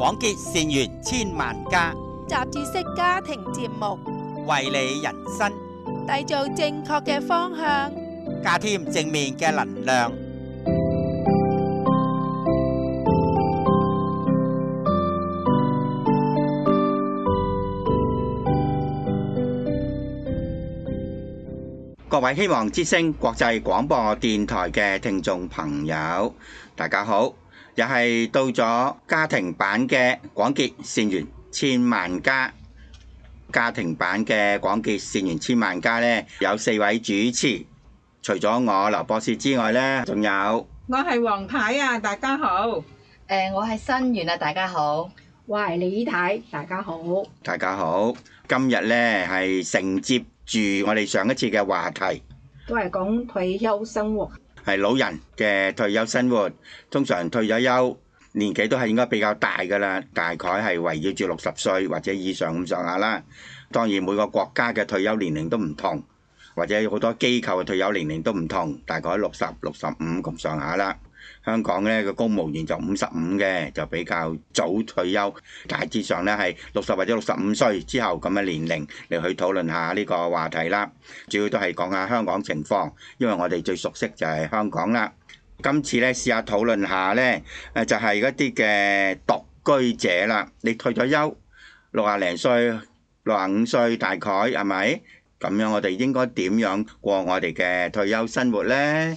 廣結善緣，千萬家。雜誌式家庭節目，為你人生締造正確嘅方向，加添正面嘅能量。各位希望之聲國際廣播電台嘅聽眾朋友，大家好。又係到咗家庭版嘅廣結善緣千萬家，家庭版嘅廣結善緣千萬家呢，有四位主持，除咗我劉博士之外呢，仲有我係黃太啊，大家好，誒我係新元啊，大家好，我係李太，大家好，大家好，今日呢係承接住我哋上一次嘅話題，都係講退休生活。係老人嘅退休生活，通常退咗休，年紀都係應該比較大㗎喇，大概係圍繞住六十歲或者以上咁上下啦。當然每個國家嘅退休年齡都唔同，或者好多機構嘅退休年齡都唔同，大概六十、六十五咁上下啦。香港咧個公務員就五十五嘅，就比較早退休。大致上咧係六十或者六十五歲之後咁嘅年齡，嚟去討論下呢個話題啦。主要都係講下香港情況，因為我哋最熟悉就係香港啦。今次咧試下討論下咧，誒就係、是、一啲嘅獨居者啦。你退咗休，六啊零歲、六啊五歲，大概係咪？咁樣我哋應該點樣過我哋嘅退休生活咧？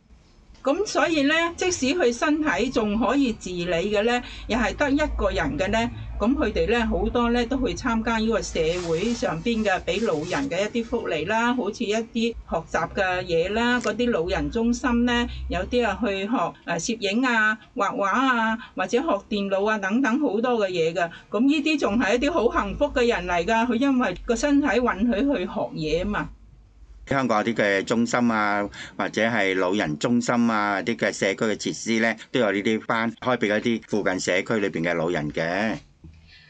咁所以咧，即使佢身體仲可以自理嘅咧，又係得一個人嘅咧，咁佢哋咧好多咧都去參加呢個社會上邊嘅俾老人嘅一啲福利啦，好似一啲學習嘅嘢啦，嗰啲老人中心咧，有啲係去學誒攝影啊、畫畫啊，或者學電腦啊等等好多嘅嘢嘅。咁呢啲仲係一啲好幸福嘅人嚟㗎，佢因為個身體允許去學嘢啊嘛。香港有啲嘅中心啊，或者係老人中心啊，啲嘅社區嘅設施咧，都有呢啲班開俾一啲附近社區裏邊嘅老人嘅。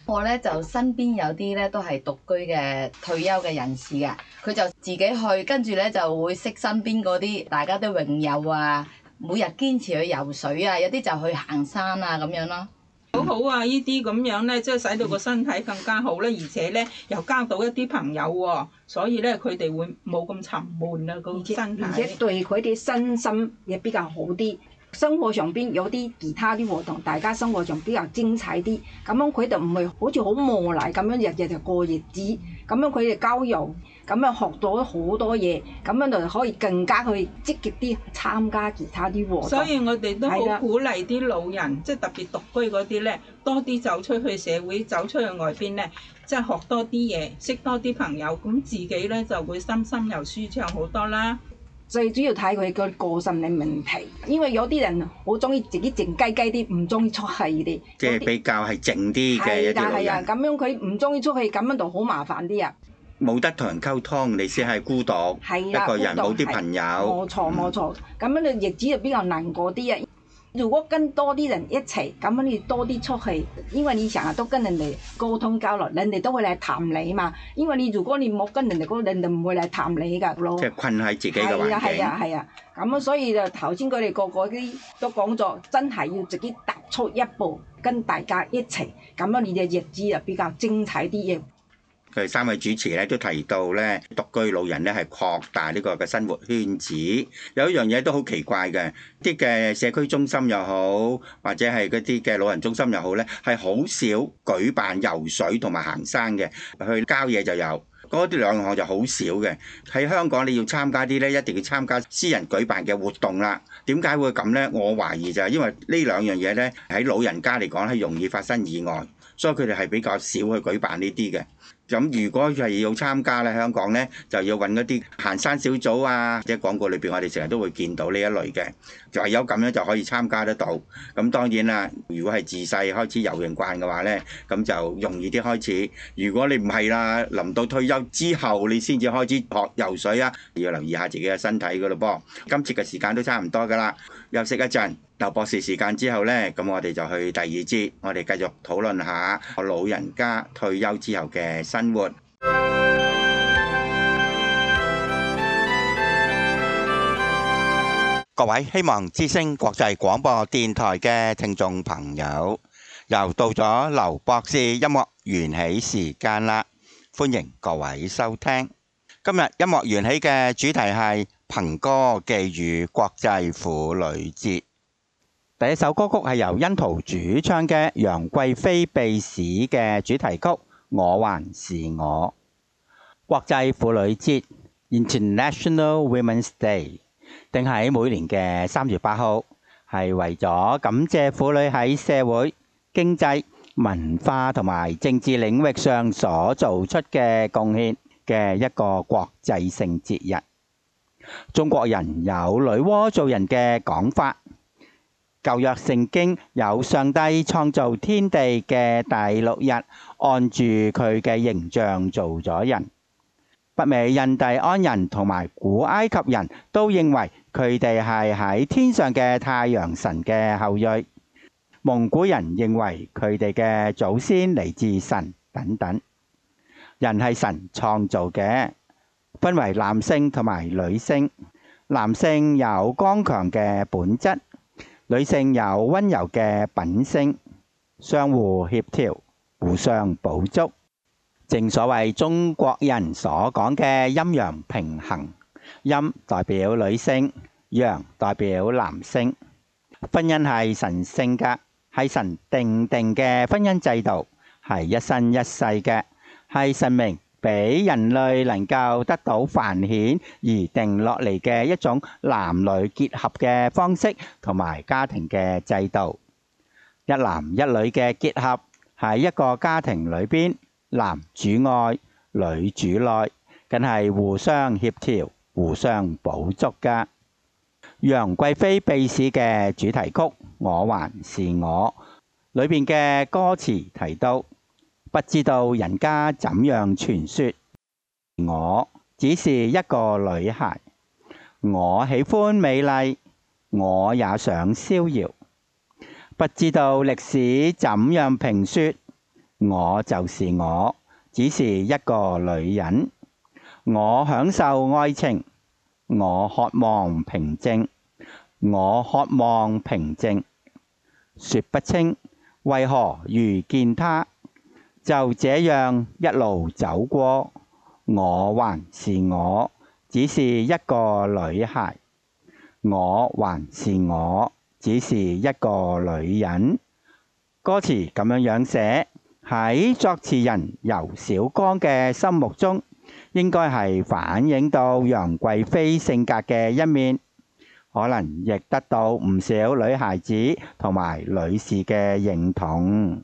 我咧就身邊有啲咧都係獨居嘅退休嘅人士啊，佢就自己去，跟住咧就會識身邊嗰啲大家都泳友啊，每日堅持去游水啊，有啲就去行山啊咁樣咯。好好啊！依啲咁樣呢，即係使到個身體更加好啦。而且呢，又交到一啲朋友喎、哦，所以呢，佢哋會冇咁沉悶啊個身體而，而且對佢哋身心也比較好啲。生活上邊有啲其他啲活動，大家生活上比較精彩啲，咁樣佢哋唔係好似好無賴咁樣日日就過日子，咁樣佢哋交友。咁啊，樣學到好多嘢，咁樣就可以更加去積極啲參加其他啲活動。所以我哋都好鼓勵啲老人，即係的特別獨居嗰啲咧，多啲走出去社會，走出去外邊咧，即係學多啲嘢，識多啲朋友，咁自己咧就會心心又舒暢好多啦。最主要睇佢個個性嘅問題，因為有啲人好中意自己靜雞雞啲，唔中意出去啲，即係比較係靜啲嘅一啲的人。係啊係啊，咁樣佢唔中意出去，咁樣就好麻煩啲啊。冇得同人溝通，你先係孤獨，的一個人冇啲朋友。冇錯冇錯，咁、嗯、樣你日子就比較難過啲啊！如果跟多啲人一齊，咁樣你多啲出去，因為你成日都跟人哋溝通交流，人哋都會嚟談你嘛。因為你如果你冇跟人哋，人哋唔會嚟談你噶。即係困喺自己嘅環境。係啊係啊係啊，咁所以就頭先佢哋個個啲都講咗，真係要自己踏出一步，跟大家一齊，咁樣你嘅日子就比較精彩啲嘅。佢三位主持咧都提到咧獨居老人咧係擴大呢個嘅生活圈子。有一樣嘢都好奇怪嘅，啲嘅社區中心又好，或者係嗰啲嘅老人中心又好咧，係好少舉辦游水同埋行山嘅。去郊野就有。嗰啲兩項就好少嘅。喺香港，你要參加啲咧，一定要參加私人舉辦嘅活動啦。點解會咁咧？我懷疑就係因為呢兩樣嘢咧喺老人家嚟講係容易發生意外，所以佢哋係比較少去舉辦呢啲嘅。咁如果係要參加咧，香港咧就要揾一啲行山小組啊，即係廣告裏邊我哋成日都會見到呢一類嘅，就係有咁樣就可以參加得到。咁當然啦，如果係自細開始游泳慣嘅話咧，咁就容易啲開始。如果你唔係啦，臨到退休之後你先至開始學游水啊，要留意下自己嘅身體噶咯噃。今次嘅時間都差唔多噶啦。休息一陣，劉博士時間之後呢，咁我哋就去第二節，我哋繼續討論下我老人家退休之後嘅生活。各位希望之聲國際廣播電台嘅聽眾朋友，又到咗劉博士音緣緣起時間啦！歡迎各位收聽。今日音緣緣起嘅主題係。憑歌寄語國際婦女節，第一首歌曲係由殷桃主唱嘅《楊貴妃秘史》嘅主題曲《我還是我》。國際婦女節 （International Women's Day） 定喺每年嘅三月八號，係為咗感謝婦女喺社會、經濟、文化同埋政治領域上所做出嘅貢獻嘅一個國際性節日。中國人有女媧造人嘅講法，舊約聖經有上帝創造天地嘅第六日，按住佢嘅形象做咗人。北美印第安人同埋古埃及人都認為佢哋係喺天上嘅太陽神嘅後裔。蒙古人認為佢哋嘅祖先嚟自神等等。人係神創造嘅。分為男性同埋女性，男性有剛強嘅本質，女性有溫柔嘅品性，相互協調，互相補足。正所謂中國人所講嘅陰陽平衡，陰代表女性，陽代表男性。婚姻係神聖嘅，係神定定嘅婚姻制度，係一生一世嘅，係神明。俾人類能夠得到繁衍而定落嚟嘅一種男女結合嘅方式同埋家庭嘅制度，一男一女嘅結合，喺一個家庭裏邊男主外，女主內，更係互相協調、互相補足噶。楊貴妃秘史嘅主題曲《我還是我》裏邊嘅歌詞提到。不知道人家怎樣傳說，我只是一個女孩。我喜歡美麗，我也想逍遙。不知道歷史怎樣評說，我就是我，只是一個女人。我享受愛情，我渴望平靜，我渴望平靜。說不清，為何遇見她。就這樣一路走過，我還是我，只是一個女孩；我還是我，只是一個女人。歌詞咁樣樣寫，喺作詞人尤小剛嘅心目中，應該係反映到楊貴妃性格嘅一面，可能亦得到唔少女孩子同埋女士嘅認同。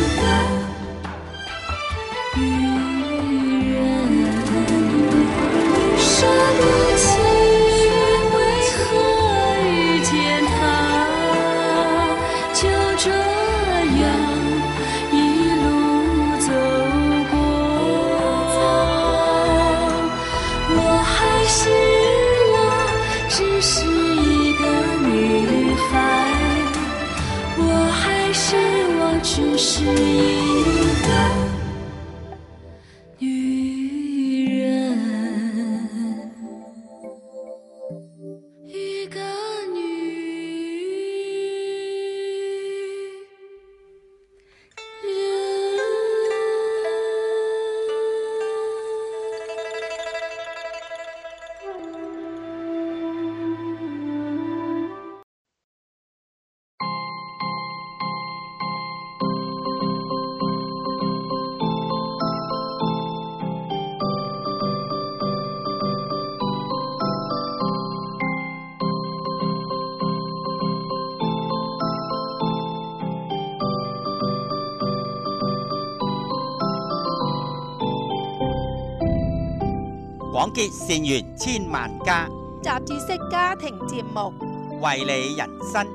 廣結善緣，千萬家。雜誌式家庭節目，為你人生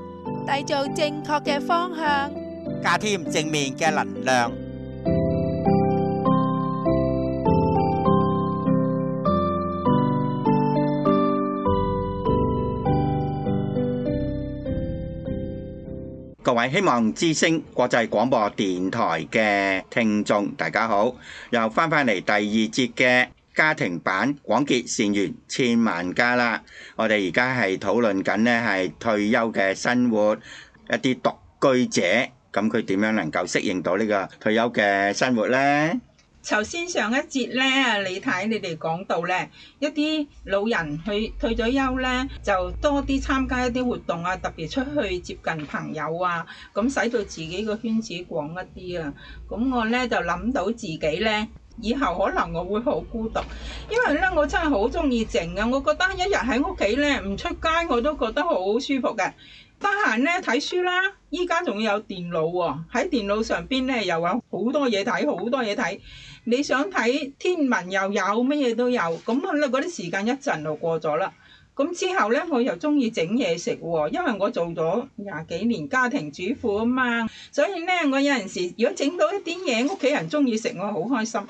締造正確嘅方向，加添正面嘅能量。各位，希望之聲國際廣播電台嘅聽眾，大家好，又翻翻嚟第二節嘅。家庭版廣結善緣千萬家啦！我哋而家係討論緊呢，係退休嘅生活，一啲獨居者咁佢點樣能夠適應到呢個退休嘅生活呢？頭先上一節呢，你睇你哋講到呢，一啲老人去退咗休呢，就多啲參加一啲活動啊，特別出去接近朋友啊，咁使到自己個圈子廣一啲啊。咁我呢就諗到自己呢。以後可能我會好孤獨，因為咧我真係好中意靜啊！我覺得一日喺屋企咧唔出街我都覺得好舒服嘅。得閒咧睇書啦，依家仲有電腦喎，哦，喺電腦上邊咧又有好多嘢睇，好多嘢睇。你想睇天文又有乜嘢都有，咁可能嗰啲時間一陣就過咗啦。咁之後咧，我又中意整嘢食喎，因為我做咗廿幾年家庭主婦啊嘛，所以咧我有陣時如果整到一啲嘢，屋企人中意食，我好開心。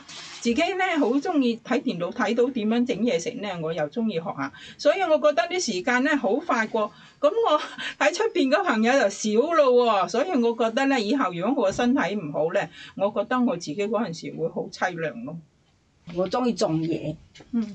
自己咧好中意睇電腦，睇到點樣整嘢食咧，我又中意學下。所以我覺得啲時間咧好快過，咁我喺出邊嘅朋友又少咯喎。所以我覺得咧，以後如果我身體唔好咧，我覺得我自己嗰陣時會好淒涼咯。我中意種嘢，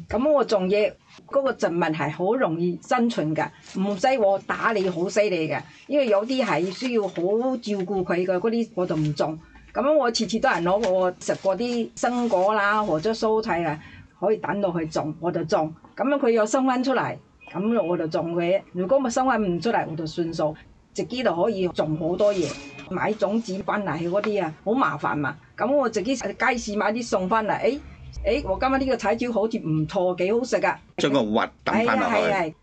咁我種嘢嗰個植物係好容易生存噶，唔使我打理好犀利嘅。因為有啲係需要好照顧佢嘅嗰啲，我就唔種。咁我次次都係攞我食過啲生果啦，或者蔬菜啊，可以等到去種，我就種。咁樣佢又生翻出嚟，咁我就種佢。如果冇生翻唔出嚟，我就算數。自己就可以種好多嘢，買種子翻嚟嗰啲啊，好麻煩嘛。咁我自己喺街市買啲餸翻嚟，誒～誒、哎，我今日呢個彩椒好似唔錯，幾好食噶。將個核等翻落去。係係係，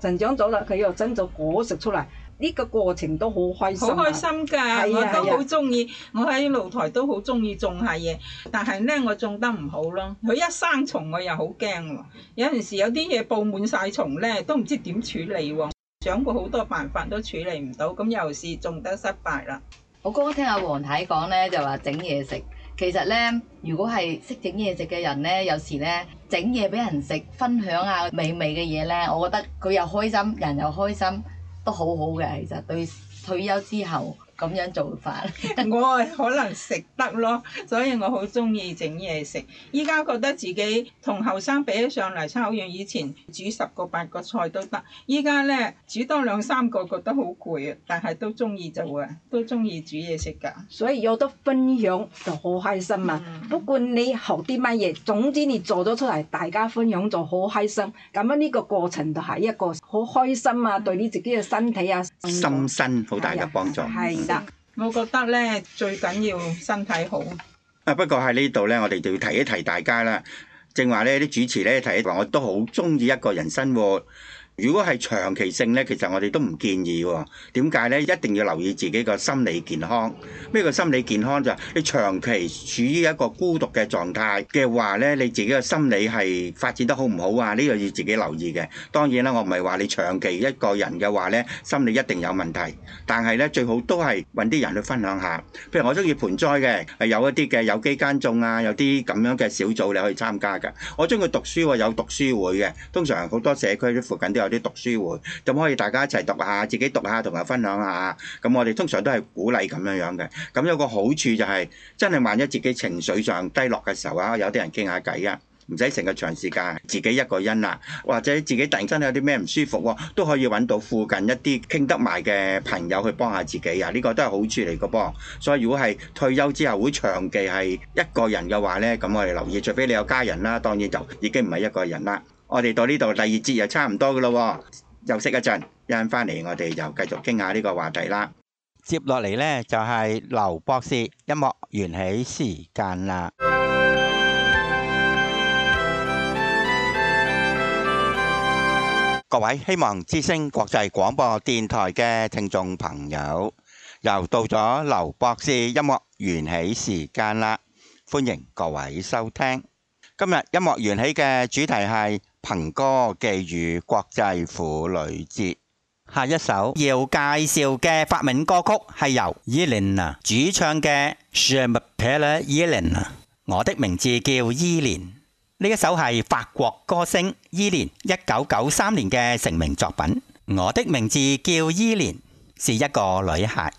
成長咗啦，佢又生咗果實出嚟。呢、這個過程都好開心、啊。好開心㗎、 啊啊，我都好中意。我喺露台都好中意種下嘢，但係咧我種得唔好咯。佢一生蟲我又好驚喎。有陣時有啲嘢布滿晒蟲咧，都唔知點處理喎。想過好多辦法都處理唔到，咁又是種得失敗啦。我剛剛聽下黃太講咧，就話整嘢食。其實呢，如果係識整嘢食嘅人呢，有時呢，整嘢俾人食，分享下美味嘅嘢呢，我覺得佢又開心，人又開心，都好好嘅。其實對退休之後。咁樣做法， 我可能食得咯，所以我好中意整嘢食。依家覺得自己同後生比起上嚟，差好遠。以前煮十個八個菜都得，依家呢，煮多兩三個覺得好攰啊，但係都中意做啊，都中意煮嘢食㗎。所以有得分享就好開心啊！不管你學啲乜嘢，總之你做咗出嚟，大家分享就好開心。咁樣呢個過程就係一個。好開心啊！對你自己嘅身體啊，心身好大嘅幫助。係得、哎，um，我覺得咧，最緊要身體好。啊 不過喺呢度咧，我哋就要提一提大家啦。正話咧，啲主持咧，提一提，我都好中意一個人生活。如果係長期性呢，其實我哋都唔建議。點解呢？一定要留意自己個心理健康。咩個心理健康就係，你長期處於一個孤獨嘅狀態嘅話呢，你自己嘅心理係發展得好唔好啊？呢個要自己留意嘅。當然啦，我唔係話你長期一個人嘅話呢，心理一定有問題。但係呢，最好都係揾啲人去分享下。譬如我中意盆栽嘅，有一啲嘅有機耕種啊，有啲咁樣嘅小組你可以參加噶。我中意讀書，有讀書會嘅，通常好多社區都附近都有。有啲讀書會，咁可以大家一齊讀下，自己讀下，同人分享下。咁我哋通常都係鼓勵咁樣樣嘅。咁有個好處就係，真係萬一自己情緒上低落嘅時候啊，有啲人傾下偈啊，唔使成個長時間自己一個人啊，或者自己突然間有啲咩唔舒服，都可以搵到附近一啲傾得埋嘅朋友去幫下自己啊。呢個都係好處嚟嘅噃。所以如果係退休之後會長期係一個人嘅話呢，咁我哋留意，除非你有家人啦，當然就已經唔係一個人啦。我哋到呢度第二節又差唔多噶咯，休息一陣，一陣返嚟，我哋又繼續傾下呢個話題啦。接落嚟呢就係劉博士音緣緣起時間啦。各位希望之聲國際廣播電台嘅聽眾朋友，又到咗劉博士音緣緣起時間啦，歡迎各位收聽。今日音緣緣起嘅主題係。憑歌寄語國際婦女節。下一首要介紹嘅發明歌曲係由伊蓮娜主唱嘅《Je m'appelle Hélène》。伊蓮啊，我的名字叫伊蓮。呢一首係法國歌星伊蓮一九九三年嘅成名作品。我的名字叫伊蓮，是一個女孩，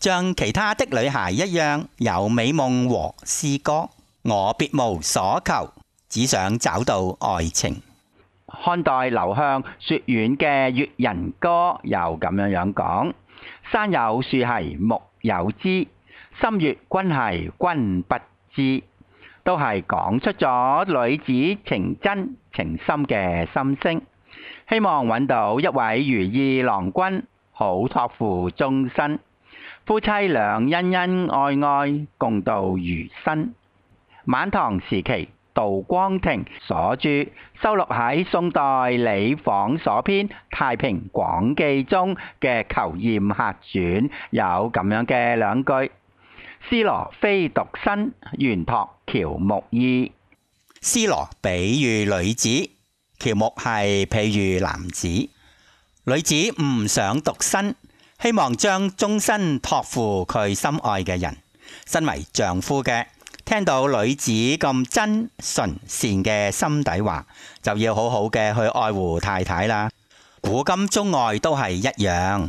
像其他的女孩一樣有美夢和詩歌。我別無所求，只想找到愛情。漢代劉向《說苑》嘅《越人歌》又咁樣樣講：山有樹兮木有枝，心悅君兮君不知。都係講出咗女子情真情深嘅心聲，希望揾到一位如意郎君，好託付終身，夫妻兩恩恩愛愛，共度餘生。晚唐時期，道光庭所著，收錄喺宋代李坊所編《太平廣記》中嘅《求艷客傳》，有咁樣嘅兩句：思羅非獨身，原託喬木依。思羅比喻女子，喬木係比喻男子。女子唔想獨身，希望將終身託付佢心愛嘅人。身為丈夫嘅。聽到女子咁真純善嘅心底話，就要好好嘅去愛護太太啦。古今中外都係一樣。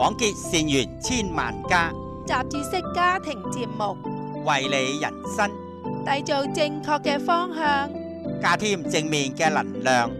廣結善緣，千萬家。雜誌式家庭節目，為你人生締造正確嘅方向，加添正面嘅能量。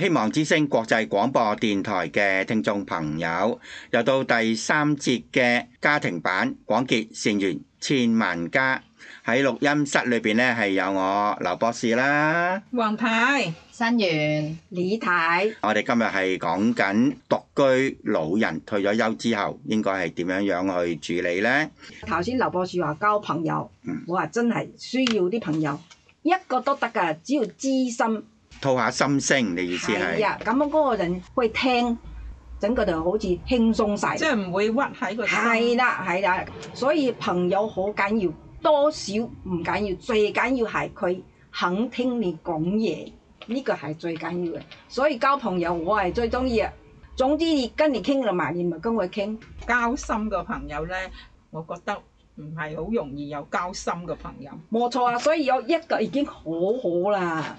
希望之星國際廣播電台嘅聽眾朋友，又到第三節嘅家庭版廣結善緣千萬家，喺錄音室裏邊呢係有我劉博士啦，黃太、新元、李太，我哋今日係講緊獨居老人退咗休之後，應該係點樣樣去處理呢？頭先劉博士話交朋友，我話真係需要啲朋友，一個都得噶，只要知心。吐下心聲，你意思係？係啊，咁樣個人會聽，整個就好似輕鬆晒，即係唔會屈喺個心。係 啦，係啦，所以朋友好緊要，多少唔緊要，最緊要係佢肯聽你講嘢，呢個係最緊要嘅。所以交朋友，我係最中意啊。總之你跟你傾啦埋，你咪跟我傾。交心嘅朋友咧，我覺得唔係好容易有交心嘅朋友。冇錯啊，所以有一個已經好好啦。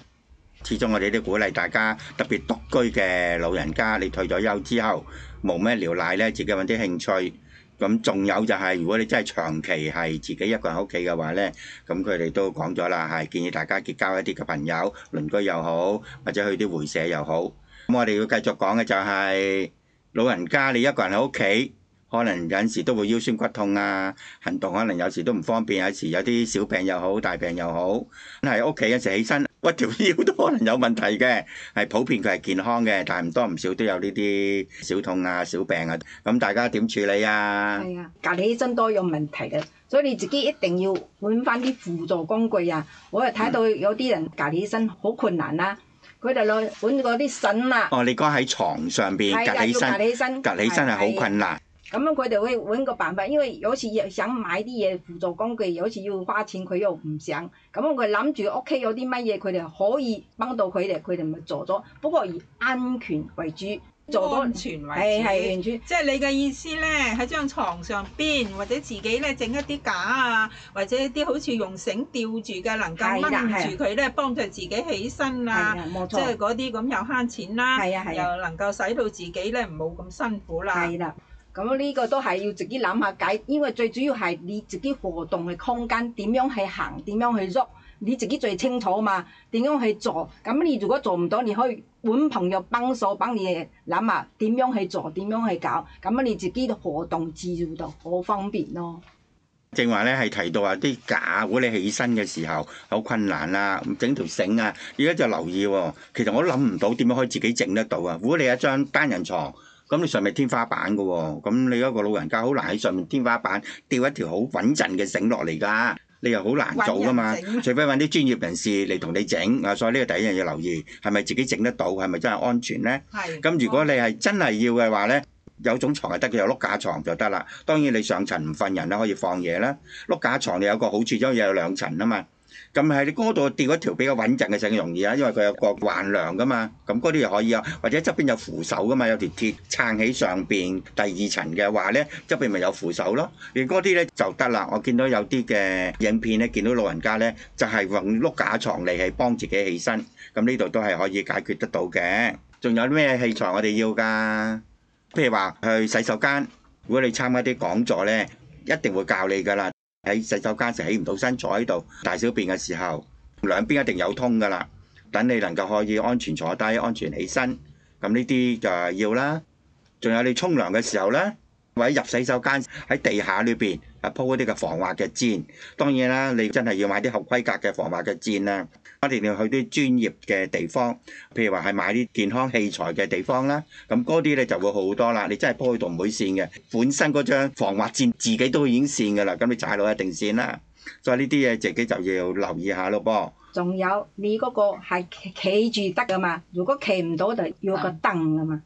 始終我哋都鼓勵大家，特別獨居嘅老人家，你退咗休之後，冇咩聊賴咧，自己搵啲興趣。咁仲有就係，如果你真係長期係自己一個人喺屋企嘅話咧，咁佢哋都講咗啦，係建議大家結交一啲嘅朋友，鄰居又好，或者去啲會社又好。咁我哋要繼續講嘅就係，老人家你一個人喺屋企，可能有時都會腰痠骨痛啊，行動可能有時都唔方便，有時有啲小病又好，大病又好，喺屋企有時起身。喂，條腰都可能有問題嘅，係普遍佢係健康嘅，但係唔多唔少都有呢啲小痛啊、小病啊，咁大家點處理啊？係啊，隔起身都有問題嘅，所以你自己一定要揾翻啲輔助工具啊！我又睇到有啲人隔起身好困難啊，佢哋攞揾嗰啲襯啊。哦，你講喺床上邊的隔起身，隔起身係好困難。咁樣佢哋會揾個辦法，因為有時要想買啲嘢輔助工具，有時要花錢佢又唔想。咁佢諗住屋企有啲乜嘢佢哋可以幫到佢哋，佢哋咪做咗。不過以安全為主，做安全為主。係係完全。即係你嘅意思咧，喺張床上邊，或者自己咧整一啲架啊，或者一啲好似用繩吊住嘅，能夠掹住佢咧，的幫助自己起身啊，即係嗰啲咁又慳錢啦，又能夠使到自己咧冇咁辛苦啦。咁呢個都係要自己諗下解，因為最主要係你自己活動嘅空間點樣去行，點樣去喐，你自己最清楚嘛。點樣去做？咁你如果做唔到，你可以揾朋友幫手幫你諗下點樣去做，點樣去搞。咁你自己活動自然就好方便咯。正話咧，係提到呀啲架，假如果你起身嘅時候好困難啦，整條繩啊，而家就留意喎。其實我諗唔到點樣可以自己整得到啊。如果你一張單人床。咁你上面天花板嘅喎，咁你一個老人家好難喺上面天花板吊一條好穩陣嘅繩落嚟㗎，你又好難做㗎嘛，除非揾啲專業人士嚟同你整啊。所以呢個第一樣要留意係咪自己整得到，係咪真係安全呢？係。咁如果你係真係要嘅話呢，有種牀係得嘅，有碌架牀就得啦。當然你上層唔瞓人啦，可以放嘢啦。碌架牀你有個好處，因為有兩層啊嘛。咁係你嗰度吊一條比較穩陣嘅繩容易啊，因為佢有個橫梁噶嘛，咁嗰啲又可以啊，或者側邊有扶手噶嘛，有條鐵撐喺上邊第二層嘅話呢，側邊咪有扶手咯。而嗰啲呢就得啦。我見到有啲嘅影片呢，見到老人家呢，就係、是、用碌架床嚟係幫自己起身，咁呢度都係可以解決得到嘅。仲有咩器材我哋要噶？譬如話去洗手間，如果你參加啲講座呢，一定會教你噶啦。喺洗手間時起唔到身，坐喺度大小便嘅時候，兩邊一定有通㗎喇。等你能夠可以安全坐低，安全起身。咁呢啲就係要啦。仲有你沖涼嘅時候咧，或者入洗手間喺地下裏邊。鋪一啲嘅防滑嘅墊，當然啦，你真係要買啲合規格嘅防滑嘅墊喇！我哋要去啲專業嘅地方，譬如話係買啲健康器材嘅地方啦。咁嗰啲咧就會好多啦。你真係鋪喺度唔會線嘅，本身嗰張防滑墊自己都已經線噶啦。咁你踩落一定線啦。所以呢啲嘢自己就要留意下咯噃。仲有你嗰個係企住得噶嘛？如果企唔到就要個凳噶嘛？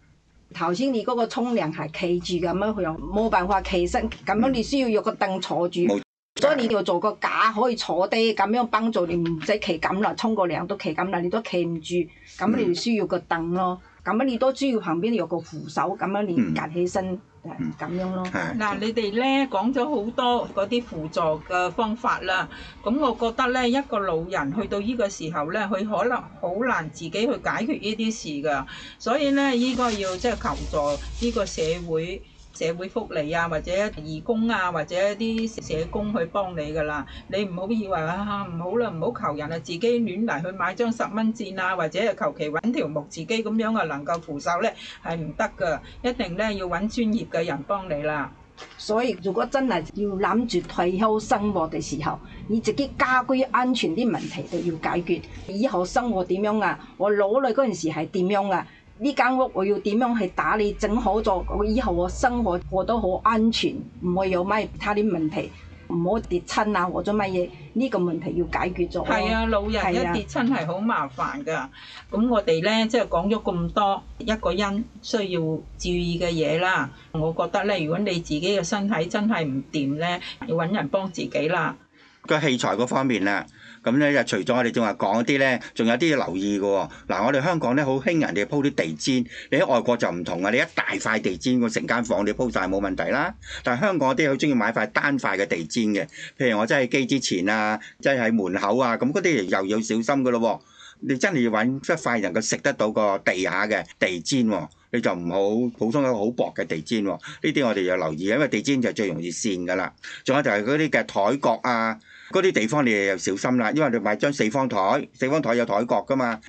頭先你嗰個沖涼係企住咁樣，佢又冇辦法企身，咁樣你需要有個凳坐住，嗯、所以你要做個架可以坐低，咁樣幫助你唔使企緊啦，沖個涼都企緊啦，你都企唔住，咁樣你需要個凳咯、啊，咁樣你都需要旁邊有個扶手，咁樣你夾起身。嗯嗯，咁樣咯。嗱，嗯，你哋咧講咗好多嗰啲輔助嘅方法啦。咁我覺得咧，一個老人去到呢個時候咧，佢可能好難自己去解決呢啲事噶。所以咧，呢，呢個要即係求助呢個社會。社會福利啊，或者義工啊，或者啲社工去幫你噶啦。你唔好以為啊，唔好啦，唔好求人啊，自己亂嚟去買張十蚊券啊，或者求其揾條木自己咁樣啊，能夠扶手呢，係唔得噶。一定呢要揾專業嘅人幫你啦。所以如果真係要諗住退休生活嘅時候，你自己家居安全啲問題就要解決。以後生活點樣啊？我老啦嗰陣時係點樣啊？呢間屋我要點樣去打理整好咗？我以後我生活過得好安全，唔會有咩其他啲問題，唔好跌親啊，或者乜嘢呢個問題要解決咗。係啊，老人一跌親係好麻煩㗎。咁、啊、我哋咧即係講咗咁多一個人需要注意嘅嘢啦。我覺得咧，如果你自己嘅身體真係唔掂咧，要揾人幫自己啦。個器材個方面啊。咁咧就除咗我哋正話講嗰啲咧，仲有啲要留意嘅、哦。嗱，我哋香港咧好興人哋鋪啲地氈，你喺外國就唔同啊。你一大塊地氈，個成間房你鋪晒冇問題啦。但係香港啲好中意買塊單塊嘅地氈嘅。譬如我真係機之前啊，即係喺門口啊，咁嗰啲又要小心嘅咯、哦。你真係要揾一塊能夠食得到個地下嘅地氈喎、哦，你就唔好普通一個好薄嘅地氈喎、哦。呢啲我哋要留意，因為地氈就最容易跣嘅啦。仲有就係嗰啲嘅台角啊。嗰啲地方你又要小心啦，因為你買張四方台，四方台有台角噶嘛，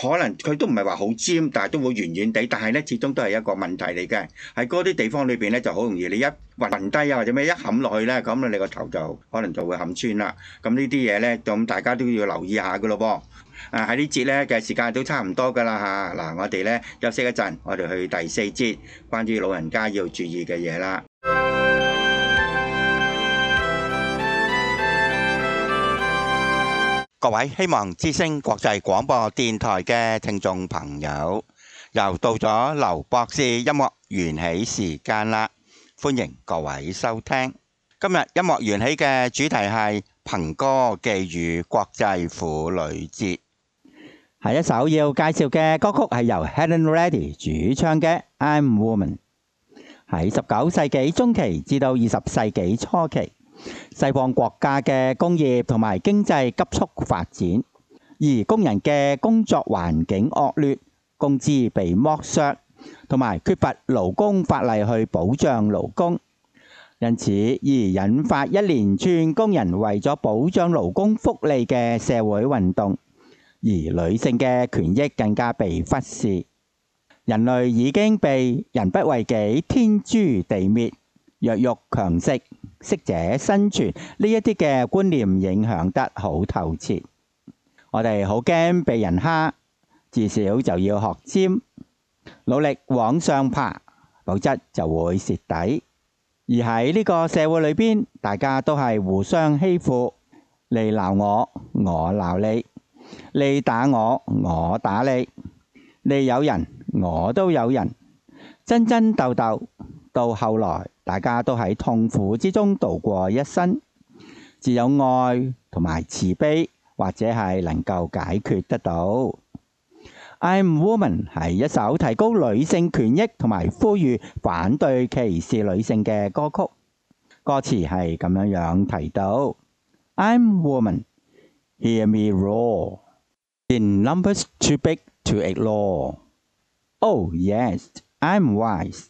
可能佢都唔係話好尖，但係都會圓圓地。但係咧，始終都係一個問題嚟嘅。喺嗰啲地方裏邊咧，就好容易你一暈低啊，或者咩一冚落去咧，咁你個頭就可能就會冚穿啦。咁呢啲嘢咧，咁大家都要留意下噶咯噃。啊，喺呢節咧嘅時間都差唔多噶啦吓，嗱，我哋咧休息一陣，我哋去第四節，關於老人家要注意嘅嘢啦。各位希望之聲國際廣播電台嘅聽眾朋友，又到咗劉博士音樂緣起時間啦！歡迎各位收聽。今日音樂緣起嘅主題係《憑歌寄語國際婦女節》與國際婦女節。下一首要介紹嘅歌曲，係由 Helen Reddy 主唱嘅《I'm Woman》。喺十九世紀中期至到二十世紀初期。西方國家嘅工業同埋經濟急速發展，而工人嘅工作環境惡劣，工資被剝削，同埋缺乏勞工法例去保障勞工，因此而引發一連串工人為咗保障勞工福利嘅社會運動。而女性嘅權益更加被忽視。人類已經被人不為己，天誅地滅；弱肉強食。適者生存呢一啲嘅觀念影響得好透徹，我哋好驚被人蝦，至少就要學尖，努力往上爬，否則就會蝕底。而喺呢個社會裏邊，大家都係互相欺負，你鬧我，我鬧你，你打我，我打你，你有人，我都有人，爭爭鬥鬥。到後來，大家都喺痛苦之中度過一生，只有愛同埋慈悲，或者係能夠解決得到。I'm Woman 係一首提高女性權益同埋呼籲反對歧視女性嘅歌曲。歌詞係咁樣樣提到：I'm Woman，Hear me roar in numbers too big to ignore。Oh yes，I'm wise。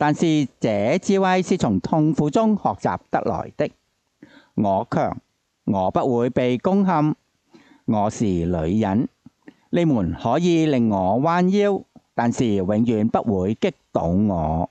但是這智慧是從痛苦中學習得來的。我強，我不會被攻陷。我是女人，你們可以令我彎腰，但是永遠不會擊倒我。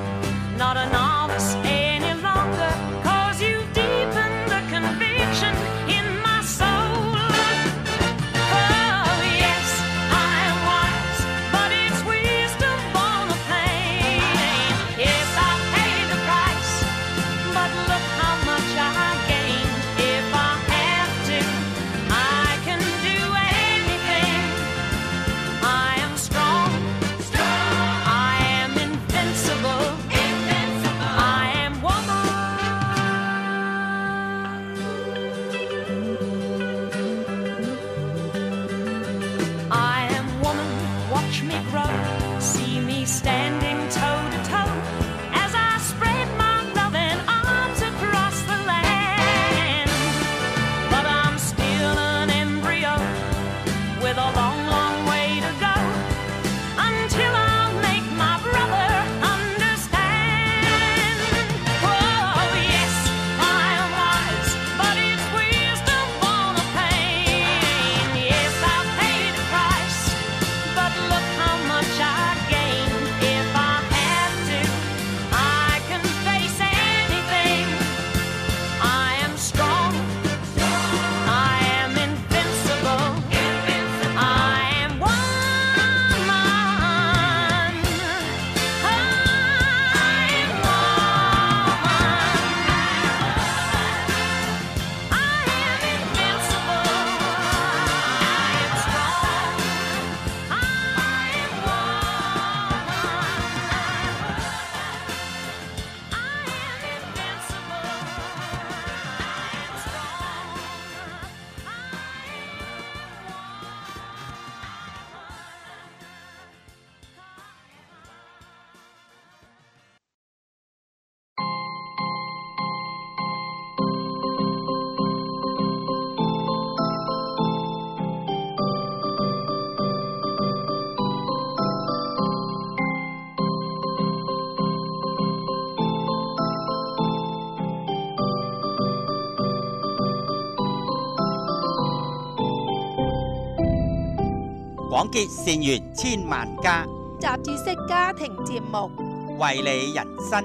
廣結善緣，千萬家。雜誌式家庭節目，為你人生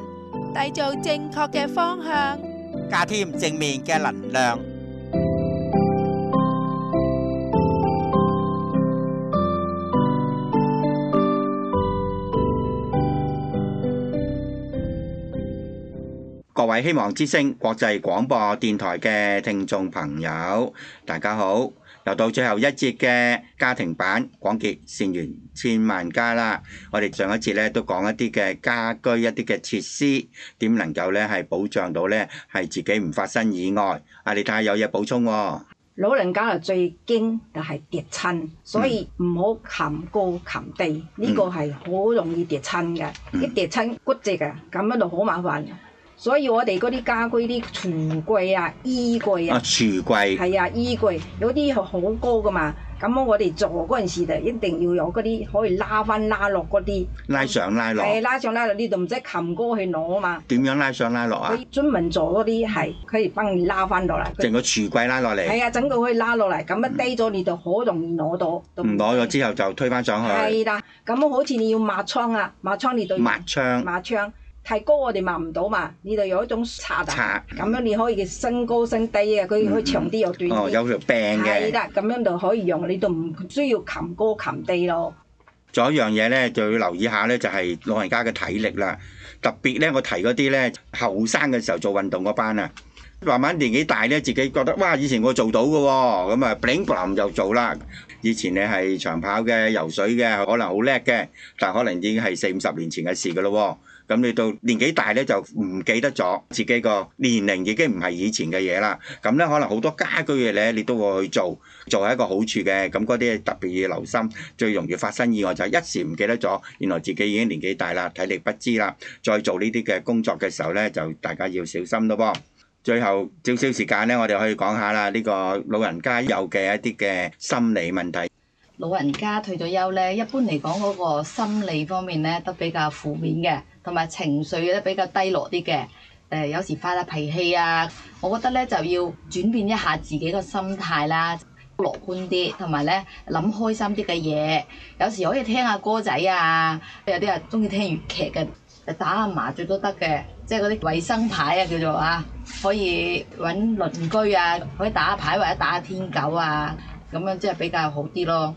締造正確嘅方向，加添正面嘅能量。各位希望之聲國際廣播電台嘅聽眾朋友，大家好。又到最後一節嘅家庭版廣結善緣千萬家啦！我哋上一節咧都講一啲嘅家居一啲嘅設施點能夠咧係保障到咧係自己唔發生意外。啊，你睇下有嘢補充喎。老人家就最驚就係跌親，所以唔好擒高擒低，呢個係好容易跌親嘅，一跌親骨折啊，咁樣就好麻煩。所以我哋嗰啲家居啲櫥櫃啊、衣櫃啊，櫥櫃，櫃，係啊，衣櫃，有啲好高噶嘛。咁我哋做嗰陣時就一定要有嗰啲可以拉翻拉落嗰啲，拉上拉落，係拉上拉落，呢度唔使擒高去攞嘛。點樣拉上拉落啊？專門做嗰啲係可以幫你拉翻落嚟，整個櫥櫃拉落嚟，係啊，整個可以拉落嚟，咁一低咗你就好容易攞到，唔攞咗之後就推翻上去。係啦，咁好似你要抹窗啊，抹窗你對抹窗，抹窗。太高我哋掹唔到嘛？你就有一種刷，咁樣你可以升高升低啊！佢可以長啲又短啲，有條柄嘅。係啦，咁樣就可以用，你都唔需要擒高擒低咯。仲有一樣嘢咧，就要留意下咧，就係老人家嘅體力啦。特別咧，我提嗰啲咧，後生嘅時候做運動嗰班啊，慢慢年紀大咧，自己覺得哇，以前我做到嘅，咁啊，boom boom 又做啦。以前你係長跑嘅、游水嘅，可能好叻嘅，但可能已經係四五十年前嘅事嘅咯。咁你到年紀大咧，就唔記得咗自己個年齡已經唔係以前嘅嘢啦。咁咧可能好多家居嘅咧，你都會去做，做係一個好處嘅。咁嗰啲特別要留心，最容易發生意外就係一時唔記得咗，原來自己已經年紀大啦，體力不支啦，再做呢啲嘅工作嘅時候咧，就大家要小心咯噃。最後少少時間咧，我哋可以講下啦，呢個老人家有嘅一啲嘅心理問題。老人家退咗休咧，一般嚟講嗰個心理方面咧，都比較負面嘅。同埋情緒咧比較低落啲嘅，誒、呃、有時發下脾氣啊，我覺得咧就要轉變一下自己個心態啦，樂觀啲，同埋咧諗開心啲嘅嘢。有時可以聽下歌仔啊，有啲人中意聽粵劇嘅，打下麻雀都得嘅，即係嗰啲衞生牌啊叫做啊，可以揾鄰居啊，可以打下牌或者打下天九啊，咁樣即係比較好啲咯。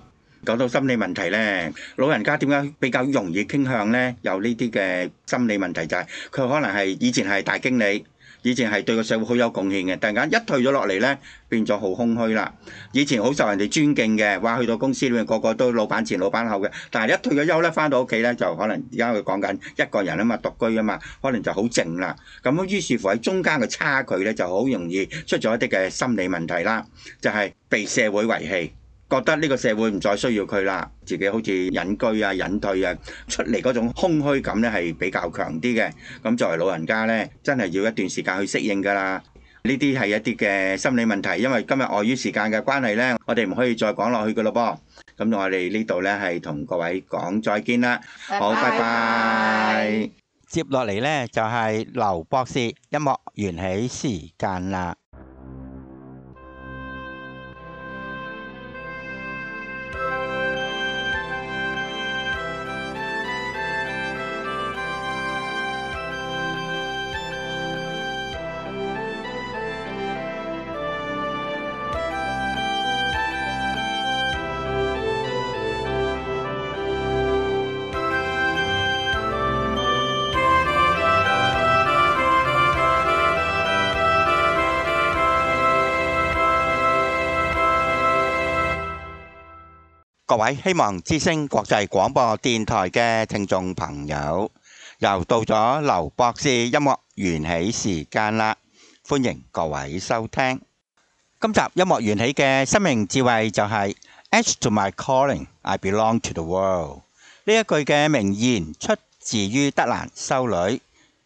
講到心理問題咧，老人家點解比較容易傾向咧有呢啲嘅心理問題，就是？就係佢可能係以前係大經理，以前係對個社會好有貢獻嘅，突然間一退咗落嚟咧，變咗好空虛啦。以前好受人哋尊敬嘅，哇去到公司裏面，個個都老闆前老闆後嘅，但係一退咗休咧，翻到屋企咧就可能而家佢講緊一個人啊嘛，獨居啊嘛，可能就好靜啦。咁啊，於是乎喺中間嘅差距咧就好容易出咗一啲嘅心理問題啦，就係、是、被社會遺棄。覺得呢個社會唔再需要佢啦，自己好似隱居啊、隱退啊，出嚟嗰種空虛感咧係比較強啲嘅。咁作為老人家咧，真係要一段時間去適應噶啦。呢啲係一啲嘅心理問題。因為今日礙於時間嘅關係咧，我哋唔可以再講落去噶咯噃。咁我哋呢度咧係同各位講再見啦。好，拜拜。接落嚟咧就係劉博士音樂緣起時間啦。各位希望之聲國際廣播電台嘅聽眾朋友，又到咗劉博士音緣緣起時間啦！歡迎各位收聽。今集音緣緣起嘅生命智慧就係《As to my calling I belong to the world》呢一句嘅名言，出自於德蘭修女，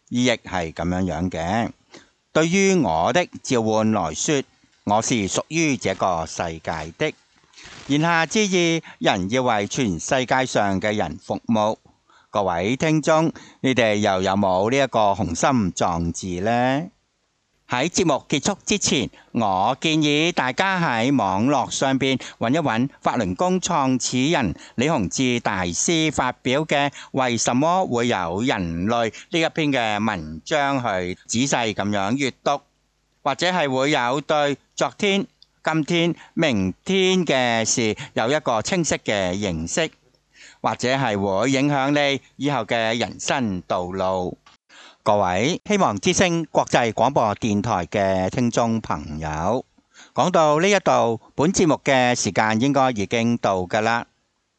意譯係咁樣樣嘅。對於我的召喚來說，我是屬於這個世界的。言下之意，人要為全世界上嘅人服務。各位聽眾，你哋又有冇呢一個雄心壯志呢？喺節目結束之前，我建議大家喺網絡上邊揾一揾法輪功創始人李洪志大師發表嘅《為什麼會有人類》呢一篇嘅文章，去仔細咁樣閱讀，或者係會有對昨天、今天、明天嘅事，有一個清晰嘅認識，或者係會影響你以後嘅人生道路。各位希望之聲國際廣播電台嘅聽眾朋友，講到呢一度，本節目嘅時間應該已經到噶啦。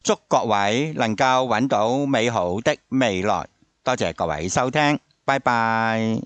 祝各位能夠揾到美好的未來，多謝各位收聽，拜拜。